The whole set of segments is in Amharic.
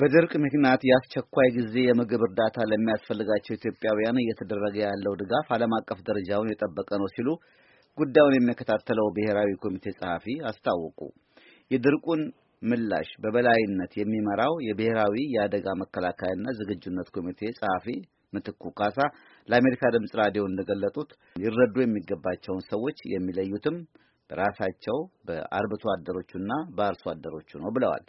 በድርቅ ምክንያት የአስቸኳይ ጊዜ የምግብ እርዳታ ለሚያስፈልጋቸው ኢትዮጵያውያን እየተደረገ ያለው ድጋፍ ዓለም አቀፍ ደረጃውን የጠበቀ ነው ሲሉ ጉዳዩን የሚከታተለው ብሔራዊ ኮሚቴ ጸሐፊ አስታወቁ። የድርቁን ምላሽ በበላይነት የሚመራው የብሔራዊ የአደጋ መከላከያና ዝግጁነት ኮሚቴ ጸሐፊ ምትኩ ካሳ ለአሜሪካ ድምፅ ራዲዮ እንደገለጡት ሊረዱ የሚገባቸውን ሰዎች የሚለዩትም ራሳቸው በአርብቶ አደሮቹና በአርሶ አደሮቹ ነው ብለዋል።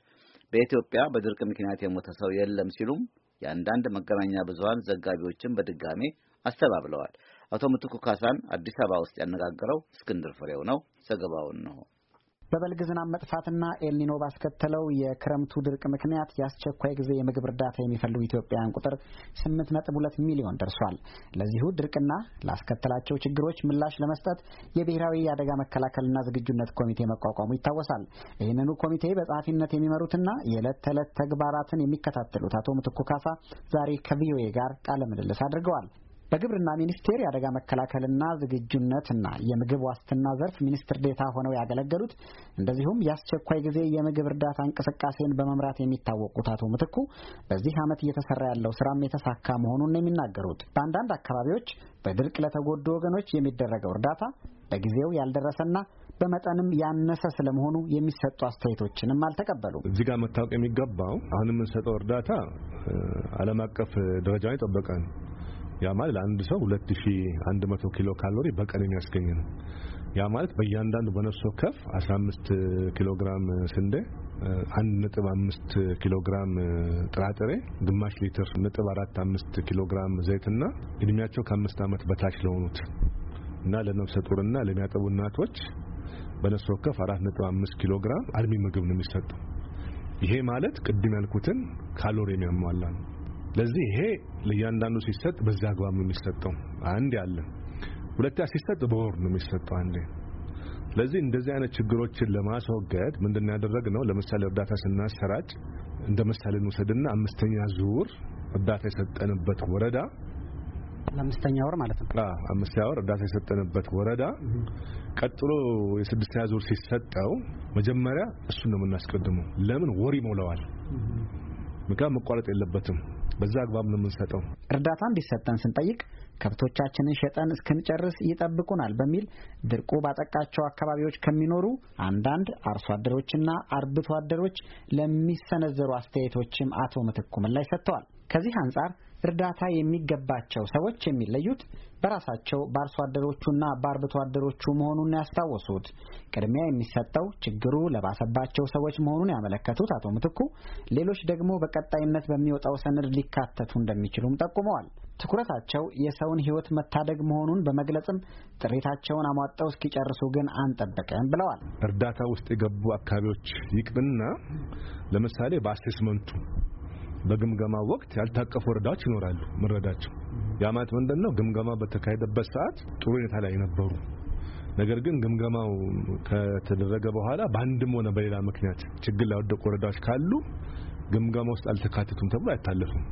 በኢትዮጵያ በድርቅ ምክንያት የሞተ ሰው የለም ሲሉም የአንዳንድ መገናኛ ብዙሃን ዘጋቢዎችን በድጋሜ አስተባብለዋል። አቶ ምትኩ ካሳን አዲስ አበባ ውስጥ ያነጋገረው እስክንድር ፍሬው ነው። ዘገባውን ነው በበልግ ዝናብ መጥፋትና ኤልኒኖ ባስከተለው የክረምቱ ድርቅ ምክንያት የአስቸኳይ ጊዜ የምግብ እርዳታ የሚፈልጉ ኢትዮጵያውያን ቁጥር 8.2 ሚሊዮን ደርሷል። ለዚሁ ድርቅና ላስከተላቸው ችግሮች ምላሽ ለመስጠት የብሔራዊ የአደጋ መከላከልና ዝግጁነት ኮሚቴ መቋቋሙ ይታወሳል። ይህንኑ ኮሚቴ በጸሐፊነት የሚመሩትና የዕለት ተዕለት ተግባራትን የሚከታተሉት አቶ ምትኩ ካሳ ዛሬ ከቪኦኤ ጋር ቃለ ምልልስ አድርገዋል። በግብርና ሚኒስቴር የአደጋ መከላከልና ዝግጁነትና የምግብ ዋስትና ዘርፍ ሚኒስትር ዴታ ሆነው ያገለገሉት እንደዚሁም የአስቸኳይ ጊዜ የምግብ እርዳታ እንቅስቃሴን በመምራት የሚታወቁት አቶ ምትኩ በዚህ ዓመት እየተሰራ ያለው ስራም የተሳካ መሆኑን ነው የሚናገሩት። በአንዳንድ አካባቢዎች በድርቅ ለተጎዱ ወገኖች የሚደረገው እርዳታ በጊዜው ያልደረሰና በመጠንም ያነሰ ስለመሆኑ የሚሰጡ አስተያየቶችንም አልተቀበሉም። እዚህ ጋር መታወቅ የሚገባው አሁን የምንሰጠው እርዳታ ዓለም አቀፍ ደረጃን የጠበቀ ነው። ያ ማለት አንድ ሰው 2100 ኪሎ ካሎሪ በቀን የሚያስገኝ ነው። ያ ማለት በእያንዳንዱ በነፍስ ወከፍ 15 ኪሎ ግራም ስንዴ 1.5 ኪሎ ግራም ጥራጥሬ፣ ግማሽ ሊትር 1.45 ኪሎ ግራም ዘይትና እድሜያቸው ከአምስት ዓመት በታች ለሆኑት እና ለነፍሰ ጡርና ለሚያጠቡ እናቶች በነፍስ ወከፍ 4.5 ኪሎ ግራም አልሚ ምግብ ነው የሚሰጠው። ይሄ ማለት ቅድም ያልኩትን ካሎሪ የሚያሟላ ነው። ለዚህ ይሄ ለእያንዳንዱ ሲሰጥ በዛ አግባብ ነው የሚሰጠው። አንድ ያለ ሁለት ሲሰጥ በወር ነው የሚሰጠው አንዴ። ስለዚህ እንደዚህ አይነት ችግሮችን ለማስወገድ ምንድን ያደረግ ነው ለምሳሌ እርዳታ ስናሰራጭ እንደ ምሳሌ እንውሰድና አምስተኛ ዙር እርዳታ የሰጠንበት ወረዳ ለአምስተኛ ወር ማለት ነው። አዎ አምስተኛ ወር እርዳታ የሰጠንበት ወረዳ ቀጥሎ የስድስተኛ ዙር ሲሰጠው መጀመሪያ እሱን ነው የምናስቀድመው። ለምን ወር ይሞላዋል። ምክንያቱም መቋረጥ የለበትም። በዛ አግባብ ነው የምንሰጠው። እርዳታ እንዲሰጠን ስንጠይቅ ከብቶቻችንን ሸጠን እስክንጨርስ ይጠብቁናል በሚል ድርቁ ባጠቃቸው አካባቢዎች ከሚኖሩ አንዳንድ አርሶ አደሮችና አርብቶ አደሮች ለሚሰነዘሩ አስተያየቶችም አቶ ምትኩ ምላሽ ሰጥተዋል። ከዚህ አንጻር እርዳታ የሚገባቸው ሰዎች የሚለዩት በራሳቸው በአርሶ አደሮቹና በአርብቶ አደሮቹ መሆኑን ያስታወሱት ቅድሚያ የሚሰጠው ችግሩ ለባሰባቸው ሰዎች መሆኑን ያመለከቱት አቶ ምትኩ ሌሎች ደግሞ በቀጣይነት በሚወጣው ሰነድ ሊካተቱ እንደሚችሉም ጠቁመዋል። ትኩረታቸው የሰውን ሕይወት መታደግ መሆኑን በመግለጽም ጥሪታቸውን አሟጠው እስኪጨርሱ ግን አንጠብቅም ብለዋል። እርዳታ ውስጥ የገቡ አካባቢዎች ይቅርና ለምሳሌ በአሴስመንቱ በግምገማ ወቅት ያልታቀፉ ወረዳዎች ይኖራሉ። ምረዳቸው ያ ማለት ምንድን ነው? ግምገማ በተካሄደበት ሰዓት ጥሩ ሁኔታ ላይ ነበሩ። ነገር ግን ግምገማው ከተደረገ በኋላ በአንድም ሆነ በሌላ ምክንያት ችግር ላይ ወደቁ ወረዳዎች ካሉ ግምገማ ውስጥ አልተካተቱም ተብሎ አይታለፉም።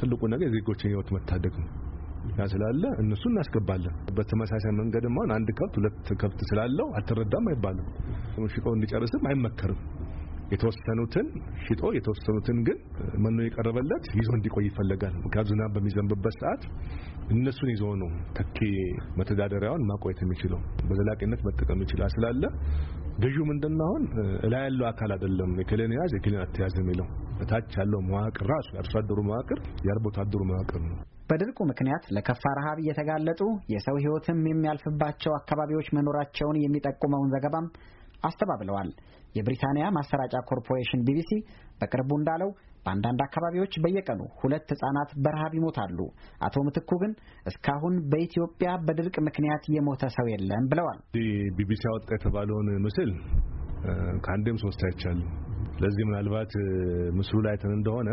ትልቁ ነገር የዜጎችን ይወት መታደግ ነው። ያ ስላለ እነሱ እናስገባለን። በተመሳሳይ መንገድም አሁን አንድ ከብት ሁለት ከብት ስላለው አትረዳም አይባልም። ሽጠው እንዲጨርስም አይመከርም። የተወሰኑትን ሽጦ የተወሰኑትን ግን መኖ የቀረበለት ይዞ እንዲቆይ ይፈለጋል። ምክንያቱ ዝናብ በሚዘንብበት ሰዓት እነሱን ይዞ ነው ተኪ መተዳደሪያውን ማቆየት የሚችለው በዘላቂነት መጠቀም ይችላል ስላለ ገዢው ምንድነው አሁን ላይ ያለው አካል አይደለም የክልን ያዝ የክልን አትያዝ የሚለው በታች ያለው መዋቅር ራሱ የአርሶ አደሩ መዋቅር የአርብቶ አደሩ መዋቅር ነው። በድርቁ ምክንያት ለከፋ ረሃብ እየተጋለጡ የሰው ሕይወትም የሚያልፍባቸው አካባቢዎች መኖራቸውን የሚጠቁመውን ዘገባም አስተባብለዋል። የብሪታንያ ማሰራጫ ኮርፖሬሽን ቢቢሲ በቅርቡ እንዳለው በአንዳንድ አካባቢዎች በየቀኑ ሁለት ህጻናት በረሃብ ይሞታሉ። አቶ ምትኩ ግን እስካሁን በኢትዮጵያ በድርቅ ምክንያት የሞተ ሰው የለም ብለዋል። ቢቢሲ አወጣ የተባለውን ምስል ከአንዴም ሶስት አይቻሉ። ስለዚህ ምናልባት ምስሉ ላይ አይተን እንደሆነ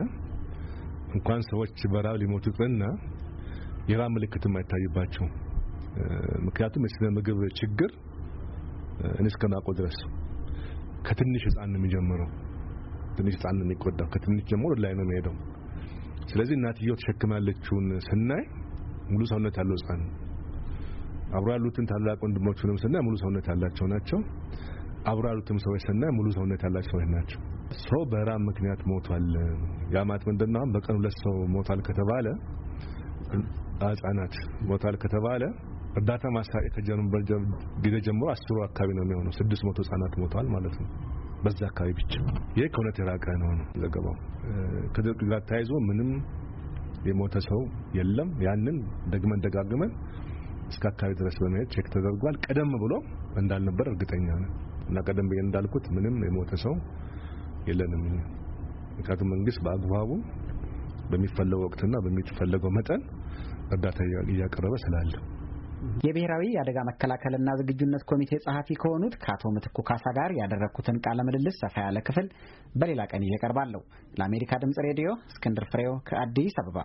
እንኳን ሰዎች በረሃብ ሊሞቱ ይቅርና የራብ ምልክትም አይታይባቸው። ምክንያቱም የስነ ምግብ ችግር እኔ ድረስ ከትንሽ ህፃን ነው የሚጀምረው። ትንሽ ህፃን ነው የሚቆዳው። ከትንሽ ጀምሮ ላይ ነው የሚሄደው። ስለዚህ እናትየው ተሸክማለችውን ስናይ ሙሉ ሰውነት ያለው ህፃን አብሮ ያሉትን ታላቅ ወንድሞቹንም ስናይ ሙሉ ሰውነት ያላቸው ናቸው። አብሮ ያሉትም ሰዎች ስናይ ሙሉ ሰውነት ያላቸው ሰዎች ናቸው። ሰው በራብ ምክንያት ሞቷል። ያ ማለት ምንድነው? በቀን ሁለት ሰው ሞቷል ከተባለ ህጻናት ሞቷል ከተባለ እርዳታ ማስታወቂያ ከጀመረ ጊዜ ጀምሮ አስሩ አካባቢ ነው የሚሆነው። ስድስት መቶ ህጻናት ሞተዋል ማለት ነው በዛ አካባቢ ብቻ። ይህ ከእውነት የራቀ ነው ነው ዘገባው። ከድርቅ ጋር ተያይዞ ምንም የሞተ ሰው የለም። ያንን ደግመን ደጋግመን እስከ አካባቢ ድረስ በመሄድ ቼክ ተደርጓል። ቀደም ብሎ እንዳልነበር እርግጠኛ ነን እና ቀደም ብዬ እንዳልኩት ምንም የሞተ ሰው የለንም። ምክንያቱም መንግስት በአግባቡ በሚፈለገው ወቅትና በሚፈለገው መጠን እርዳታ እያቀረበ ስላለ የብሔራዊ የአደጋ መከላከልና ዝግጁነት ኮሚቴ ጸሐፊ ከሆኑት ከአቶ ምትኩ ካሳ ጋር ያደረግኩትን ቃለ ምልልስ ሰፋ ያለ ክፍል በሌላ ቀን ይዤ እቀርባለሁ። ለአሜሪካ ድምጽ ሬዲዮ እስክንድር ፍሬው ከአዲስ አበባ